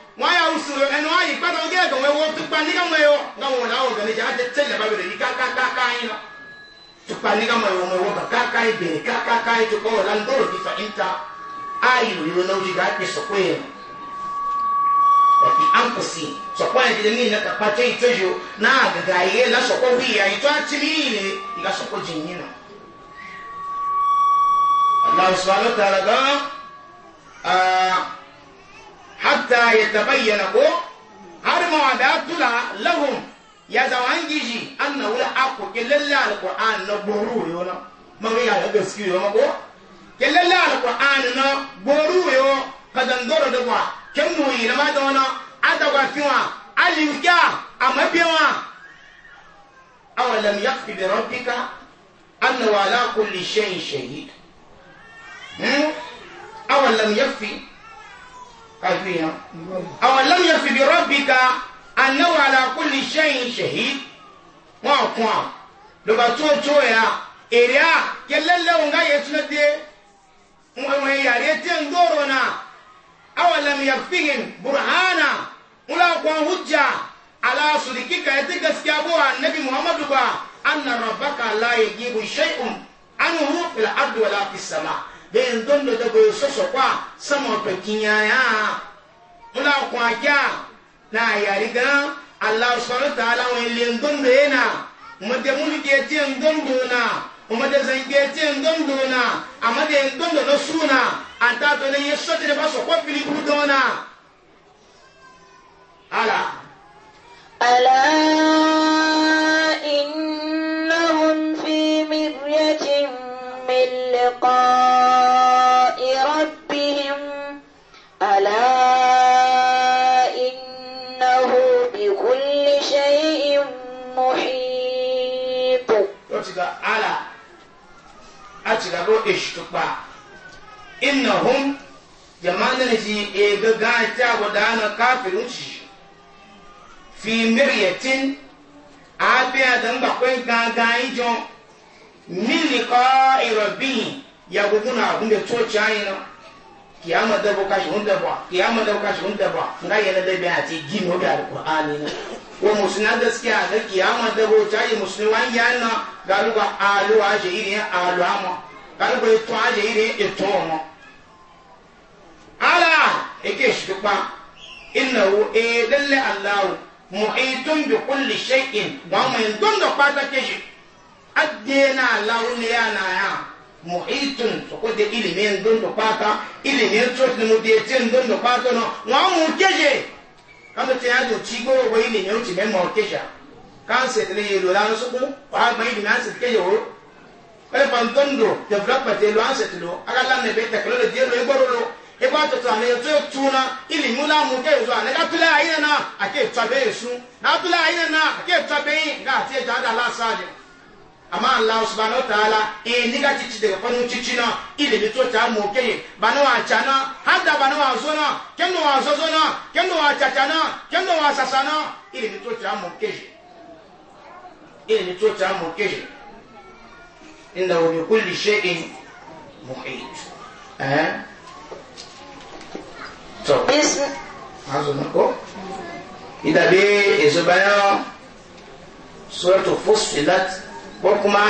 ya usoro ẹnu anyị kpata oge ẹgbẹ wọn wọn tukpa nígbà wọn yọ nga wọn náà wọn gẹlẹ jẹ ajẹ aka bá wẹrẹ yìí ka yìí nọ tukpa nígbà wọn yọ wọn wọn bá káká yìí bẹrẹ kákáká yìí tukpa wọn lánàá lọrọ fífa ìta ayi na náà wòye gà ya sọkọ yẹn ọfi nọ. حتى يتبينكم هرم وعدات لهم يا زوان جيجي أنا ولا أكو كل الله القرآن نبرو يونا ما في على دسكي يوما كو كل الله القرآن نبرو يو كذن دور دوا كم نوي لما دونا أدوا فيوا أليوكا أما بيوا أولم يكفي بربك أنه على كل شيء شهيد أولم يكفي kafiya àwọn lam yakfi bi rabbika annahu ala kulli shay'in shahid wọn kún à ló bá tó tó yà èrè à yẹlẹlẹ nga yẹ tún dé wọn yà rẹ tẹ ń dọrọ na àwọn lam yakfihim burhana wọn kún hujja ala sudikika ya ti gaskiya bo annabi muhammadu ba anna rabbaka la yajibu shay'un anhu fil ardi wala fis sama' bẹ́ẹ̀ ndondo dẹ́gbò sọ̀sọ̀ kọ́ a sẹ́mu ọ̀tọ̀ kìnyànyà múlá kún ajá náà yàrí gan Allah subhanahu wa ilé ndondo yẹn na ọmọdé múlù kìí tiẹ̀ ndondo na ọmọdé zan kìí tiẹ̀ ndondo na ọmọdé ndondo na sùn na àtàtọ̀ ní yẹ sọ́tì ní bá sọ̀kọ́ fìlì kú dán na. ala. ala. إنهم في مرية من لقاء ci ga lo ish tukpa innahum jama'a na ji e ga ga ta wadana kafirun shi fi miryatin abi adam ba kwen ga ga ijo min liqa irabbi ya guguna abun da toci ayina kiyama da boka shi hunda ba kiyama da boka shi da ba nga yana da bayan ce gino da alqur'ani na wa musna gaskiya ga kiyama da boka yi musliman yana galuba aluwa shi irin aluwa kan bɛ tɔn iri yire etɔ ala eke sukpa ina wo ee lele mo ee ma bi kulli shay'in wɔn mo in don dɔ kpata kesi a na alawo ne ya na ya mo ee tun soko de ilimi ilimi de ti mo kan a do ilimi ti a kan ilimi o. wale mandando development elo asset lo aga la nebe technology elo egboro lo ebo atoto ane eto etuna ili muna mu ke ezo ane ka tule ayi na ake etwa be esu na tule ayi na ake etwa be yi nga ati eja ada la sade ama allah subhanahu wa ta'ala e ni ga chichi de ko nu chichi na ili ni to ta mu ke bana wa chana hada bana wa zo na kenu wa zo zo na kenu wa chacha na kenu wa sasa na ili ni to ta mu ke ili ni to ta mu ke إنه بكل شيء محيط أه؟ طب اسم عايزينكم إذا بيه إزبايا سورة فصلت وكما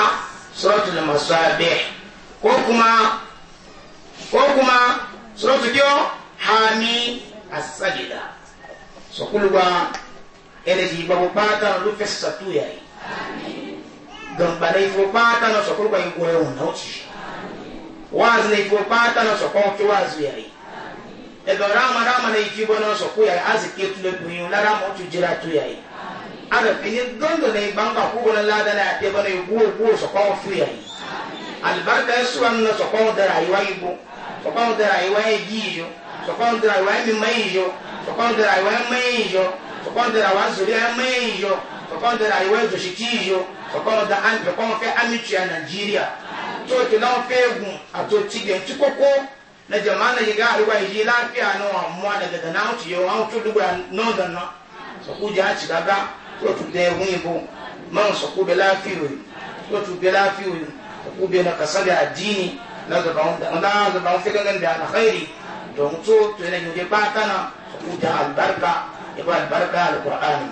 سورة المصابيح وكما وكما سورة جو حامي السجدة سكولوا إنجي بابو باتا لفساتو ياي آمين gamba na ifo pata na sokoro kwa ngwe wona uchi wazi na ifo pata na sokoro ki wazi yari edo rama rama na ikibo na sokoro ya azi ketule buyu na rama otu jira tu yari ada pini dondo na ibanga kubo na lada na ateba na iguo guo sokoro fu yari albarka yesu anu na sokoro dara iwa ibo sokoro dara iwa egijo sokoro dara iwa mimaijo sokoro dara iwa maijo sokoro dara iwa zuri maijo fɔkɔn de ayiwa da an fɔkɔn fɛ amitria nigeria tó ti fɛ ti koko na jamana yi yi a daga na ti dugu na jɛ a ti tu yi bo bɛ o tó tu bɛ o bɛ na kasa bɛ a diini na zɔban na zɔban fɛ kankan bɛ a na xɛyiri dɔnku tó tó yɛ na yi o de na jɛ alibarika ko alibarika alikura